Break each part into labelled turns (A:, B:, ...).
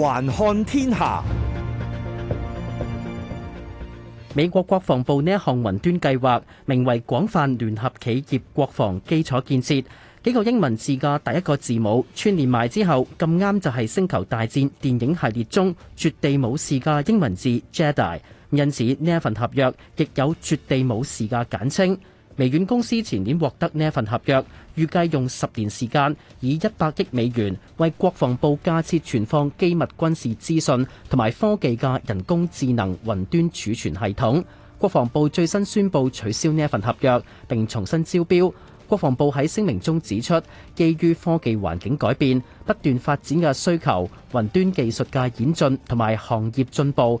A: 環看天下，美國國防部呢一項雲端計劃名為廣泛聯合企業國防基礎建設，幾個英文字噶第一個字母串連埋之後，咁啱就係星球大戰電影系列中絕地武士噶英文字 Jedi，因此呢一份合約亦有絕地武士噶簡稱。微軟公司前年獲得呢一份合約，預計用十年時間，以一百億美元為國防部架設存放機密軍事資訊同埋科技嘅人工智能雲端儲存系統。國防部最新宣布取消呢一份合約，並重新招標。國防部喺聲明中指出，基於科技環境改變、不斷發展嘅需求、雲端技術嘅演進同埋行業進步。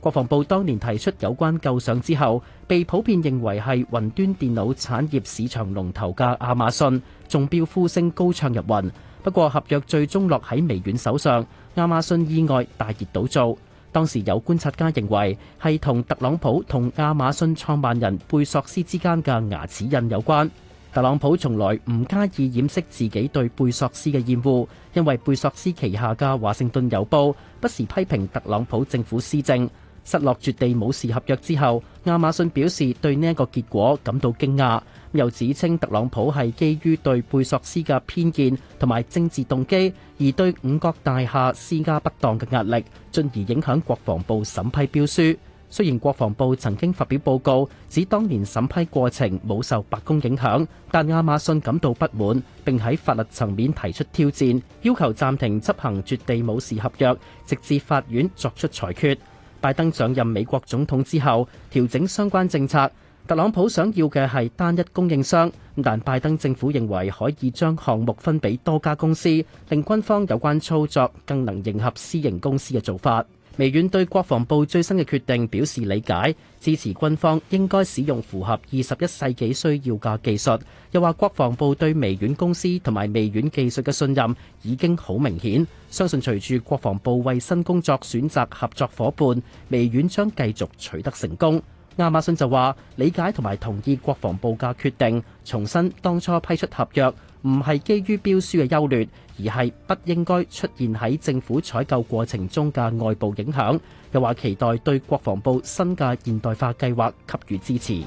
A: 國防部當年提出有關構想之後，被普遍認為係雲端電腦產業市場龍頭嘅亞馬遜，中標呼聲高唱入雲。不過合約最終落喺微軟手上，亞馬遜意外大熱倒灶。當時有觀察家認為係同特朗普同亞馬遜創辦人貝索斯之間嘅牙齒印有關。特朗普從來唔加以掩飾自己對貝索斯嘅厭惡，因為貝索斯旗下嘅《華盛頓郵報》不時批評特朗普政府施政。失落絕地武士合約之後，亞馬遜表示對呢一個結果感到驚訝，又指稱特朗普係基於對貝索斯嘅偏見同埋政治動機，而對五角大廈施加不當嘅壓力，進而影響國防部審批標書。雖然國防部曾經發表報告指當年審批過程冇受白宮影響，但亞馬遜感到不滿，並喺法律層面提出挑戰，要求暫停執行絕地武士合約，直至法院作出裁決。拜登上任美國總統之後，調整相關政策，特朗普想要嘅係單一供應商，但拜登政府認為可以將項目分俾多家公司，令軍方有關操作更能迎合私營公司嘅做法。微軟對國防部最新嘅決定表示理解，支持軍方應該使用符合二十一世紀需要嘅技術。又話國防部對微軟公司同埋微軟技術嘅信任已經好明顯，相信隨住國防部為新工作選擇合作夥伴，微軟將繼續取得成功。亞馬遜就話，理解同埋同意國防部嘅決定，重申當初批出合約唔係基於標書嘅優劣，而係不應該出現喺政府採購過程中嘅外部影響。又話期待對國防部新嘅現代化計劃給予支持。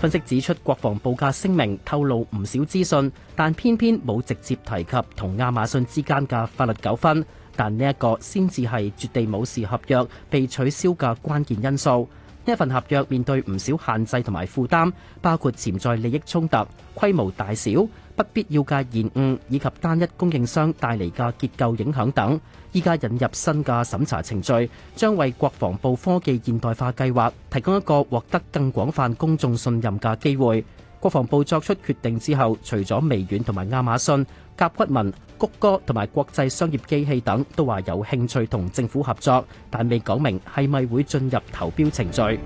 A: 分析指出，國防部嘅聲明透露唔少資訊，但偏偏冇直接提及同亞馬遜之間嘅法律糾紛。但呢一個先至係絕地武士合約被取消嘅關鍵因素。呢一份合約面對唔少限制同埋負擔，包括潛在利益衝突、規模大小、不必要嘅延誤以及單一供應商帶嚟嘅結構影響等。依家引入新嘅審查程序，將為國防部科技現代化計劃提供一個獲得更廣泛公眾信任嘅機會。國防部作出決定之後，除咗微軟同埋亞馬遜、甲骨文、谷歌同埋國際商業機器等，都話有興趣同政府合作，但未講明係咪會進入投標程序。